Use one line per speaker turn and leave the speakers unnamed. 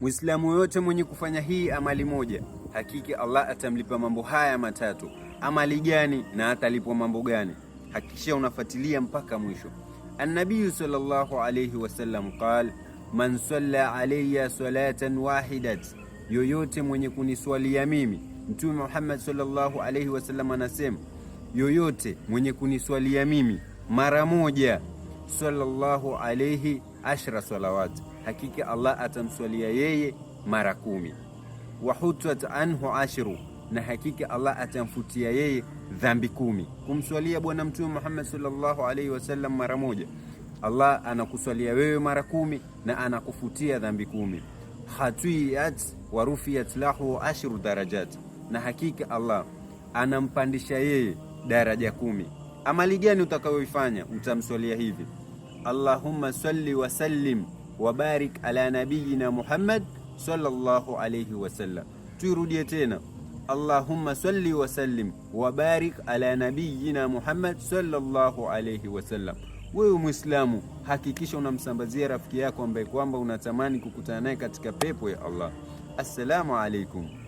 Mwislamu yoyote mwenye kufanya hii amali moja, hakika Allah atamlipa mambo haya matatu. Amali gani na atalipwa mambo gani? Hakikisha unafuatilia mpaka mwisho. Annabiyu sallallahu alayhi wasallam qal man salla alayya salatan wahidat, yoyote mwenye kuniswalia mimi. Mtume Muhammad sallallahu alayhi wasallam anasema yoyote mwenye kuniswalia mimi mara moja sallallahu alayhi ashra salawat, hakika Allah atamswalia yeye mara kumi. Wahutat anhu ashru, na hakika Allah atamfutia yeye dhambi kumi. Kumswalia Bwana Mtume Muhammad sallallahu alayhi wasallam mara moja, Allah anakuswalia wewe mara kumi na anakufutia dhambi kumi. hatiyat wa rufiyat lahu ashru darajat, na hakika Allah anampandisha yeye daraja kumi. Amali gani utakayoifanya? Utamswalia hivi: Allahumma salli wa sallim wa barik ala nabiyina Muhammad sallallahu alayhi sallam Tuirudie tena Allahumma salli wa sallim wa barik ala nabiyina Muhammad sallallahu alayhi wasallam. Wewe Muislamu, hakikisha unamsambazia rafiki yako ambaye kwamba unatamani kukutana naye katika pepo ya Allah. Assalamu alaikum.